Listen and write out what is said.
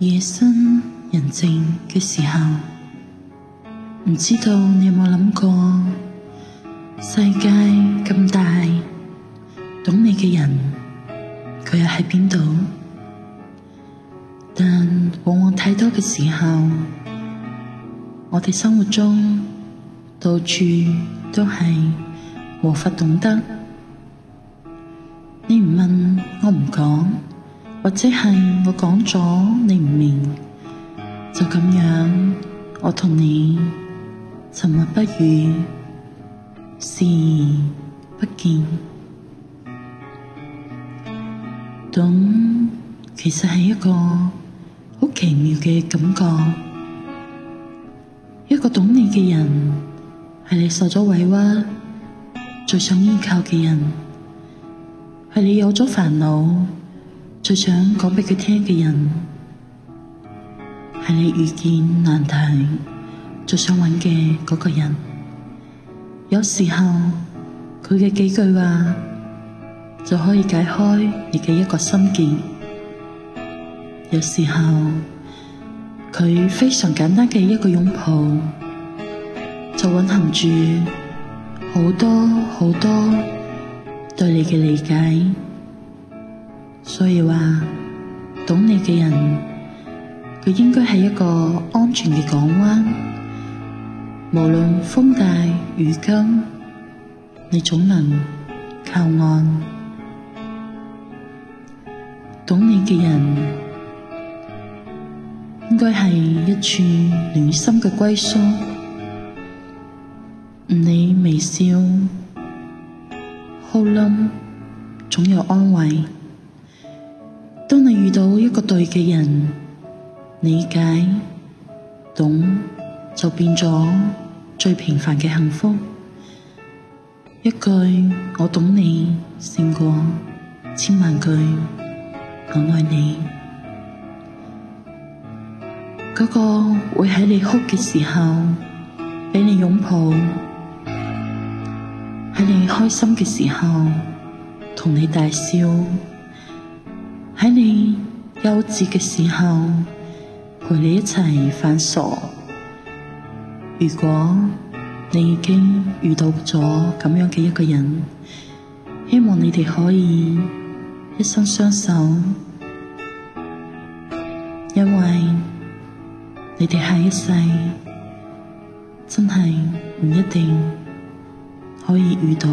夜深人靜嘅時候，唔知道你有冇諗過，世界咁大，懂你嘅人，佢又喺邊度？但往往太多嘅時候，我哋生活中到處都係無法懂得，你唔問我唔講。或者係我講咗你唔明，就咁樣我同你沉默不語，視而不見。懂其實係一個好奇妙嘅感覺，一個懂你嘅人，係你受咗委屈，最想依靠嘅人，係你有咗煩惱。最想講畀佢聽嘅人，係你遇見難題，最想搵嘅嗰個人。有時候佢嘅幾句話，就可以解開你嘅一個心結。有時候佢非常簡單嘅一個擁抱，就蘊含住好多好多對你嘅理解。所以話，懂你嘅人，佢應該係一個安全嘅港灣，無論風大雨急，你總能靠岸。懂你嘅人，應該係一處暖心嘅歸宿，你微笑、哭泣，總有安慰。當你遇到一個對嘅人，理解、懂就變咗最平凡嘅幸福。一句我懂你勝過千萬句我愛你。嗰個會喺你哭嘅時候畀你擁抱，喺你開心嘅時候同你大笑。喺你幼稚嘅時候，陪你一齊犯傻。如果你已經遇到咗咁樣嘅一個人，希望你哋可以一生相守，因為你哋下一世真係唔一定可以遇到。